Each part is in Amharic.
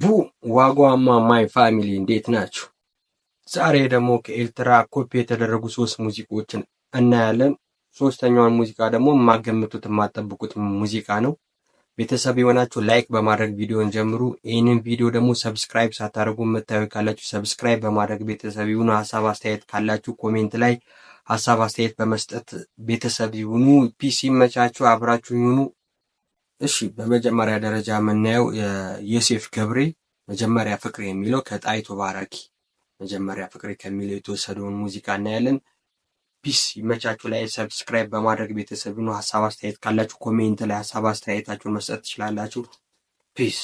ቡ ዋጓማ ማይ ፋሚሊ እንዴት ናችሁ? ዛሬ ደግሞ ከኤርትራ ኮፒ የተደረጉ ሶስት ሙዚቃዎችን እናያለን። ሶስተኛውን ሙዚቃ ደግሞ የማገምቱት የማጠብቁት ሙዚቃ ነው። ቤተሰብ የሆናችሁ ላይክ በማድረግ ቪዲዮን ጀምሩ። ይህንን ቪዲዮ ደግሞ ሰብስክራይብ ሳታደርጉ የምታዩ ካላችሁ ሰብስክራይብ በማድረግ ቤተሰብ ይሁኑ። ሀሳብ አስተያየት ካላችሁ ኮሜንት ላይ ሀሳብ አስተያየት በመስጠት ቤተሰብ ይሁኑ። ፒሲ መቻችሁ አብራችሁ ይሁኑ። እሺ በመጀመሪያ ደረጃ የምናየው የዮሴፍ ገብሬ መጀመሪያ ፍቅሬ የሚለው ከጣይቱ ባራኪ መጀመሪያ ፍቅሬ ከሚለው የተወሰደውን ሙዚቃ እናያለን። ፒስ ይመቻችሁ። ላይ ሰብስክራይብ በማድረግ ቤተሰብ ነው። ሀሳብ አስተያየት ካላችሁ ኮሜንት ላይ ሀሳብ አስተያየታችሁን መስጠት ትችላላችሁ። ፒስ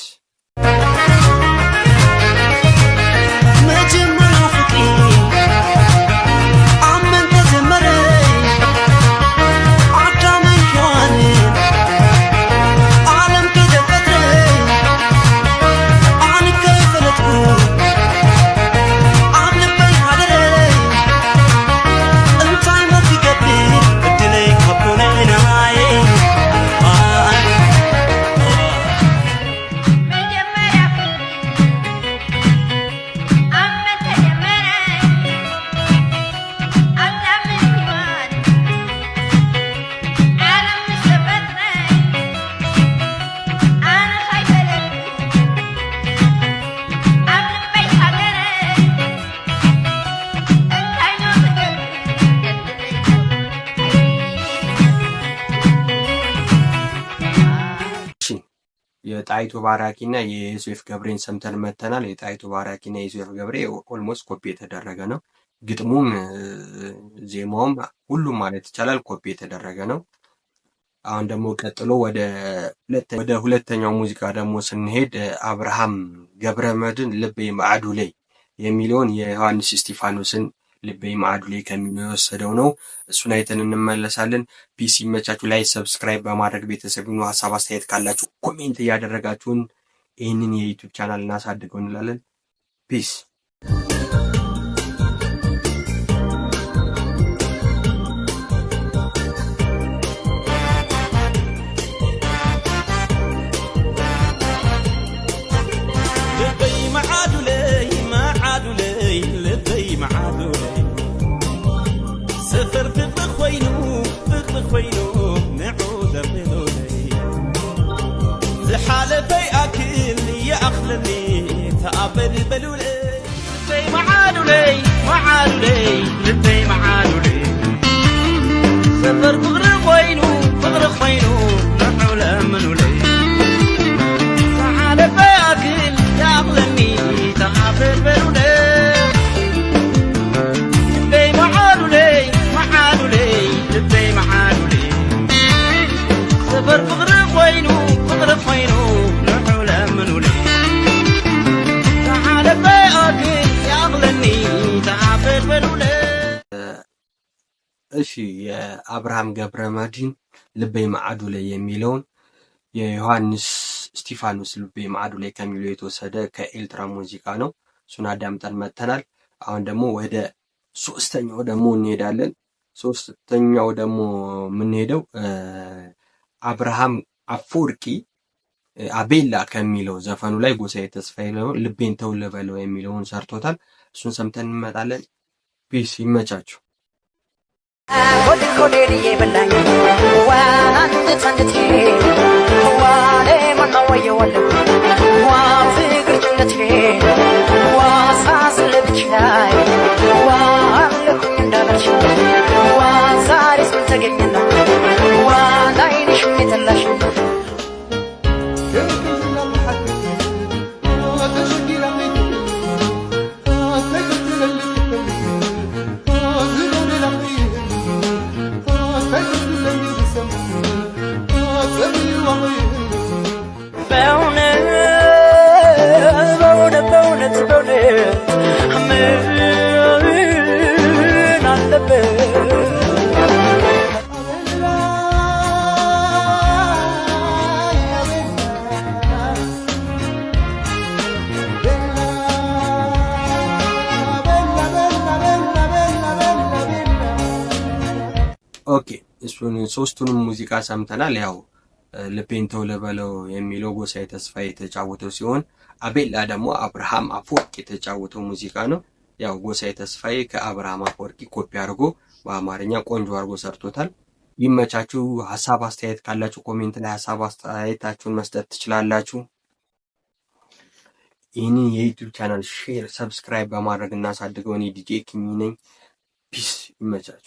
የጣይቱ ባራኪ እና የዮሴፍ ገብሬን ሰምተን መተናል። የጣይቱ ባራኪ እና የዮሴፍ ገብሬ ኦልሞስት ኮፒ የተደረገ ነው። ግጥሙም ዜማውም ሁሉም ማለት ይቻላል ኮፒ የተደረገ ነው። አሁን ደግሞ ቀጥሎ ወደ ሁለተኛው ሙዚቃ ደግሞ ስንሄድ አብርሃም ገብረመድን ልቤ ማዕዱ ላይ የሚለውን የዮሐንስ እስጢፋኖስን ልቤ ማዕዱ ላይ ከሚወሰደው ነው። እሱን አይተን እንመለሳለን። ፒስ መቻችሁ ላይ ሰብስክራይብ በማድረግ ቤተሰብ ነው። ሀሳብ አስተያየት ካላችሁ ኮሜንት እያደረጋችሁን ይህንን የዩቱብ ቻናል እናሳድገው እንላለን። ፒስ الذي تأبر البلولي لبي معالولي معالولي لبي معالولي سفر بغرق وينو بغرق وينو نحو الأمنولي تعال فاكل يا أغلمي تأبر البلولي لبي معالولي لبي እሺ የአብርሃም ገብረ ገብረመድህን ልቤ ማዕዱ ላይ የሚለውን የዮሐንስ እስጢፋኖስ ልቤ ማዕዱ ላይ ከሚለው የተወሰደ ከኤልትራ ሙዚቃ ነው። እሱን አዳምጠን መጥተናል። አሁን ደግሞ ወደ ሶስተኛው ደግሞ እንሄዳለን። ሶስተኛው ደግሞ የምንሄደው አብርሃም አፈወርቂ አቤላ ከሚለው ዘፈኑ ላይ ጎሳዬ ተስፋዬ ልቤን ተውልበለው የሚለውን ሰርቶታል። እሱን ሰምተን እንመጣለን። ፒስ ይመቻችሁ። Yeah. አይነት ኦኬ እሱን ሶስቱንም ሙዚቃ ሰምተናል። ያው ልቤን ተው የሚለው ጎሳዬ ተስፋዬ የተጫወተው ሲሆን አቤላ ደግሞ አብርሃም አፈወርቂ የተጫወተው ሙዚቃ ነው። ያው ጎሳዬ ተስፋዬ ከአብርሃም አፈወርቂ ኮፒ አድርጎ በአማርኛ ቆንጆ አድርጎ ሰርቶታል። ይመቻችሁ። ሀሳብ አስተያየት ካላችሁ ኮሜንት ላይ ሀሳብ አስተያየታችሁን መስጠት ትችላላችሁ። ይህንን የዩቲዩብ ቻናል ሼር፣ ሰብስክራይብ በማድረግ እናሳድገውን የዲጄ ኪሚ ነኝ። ፒስ። ይመቻችሁ።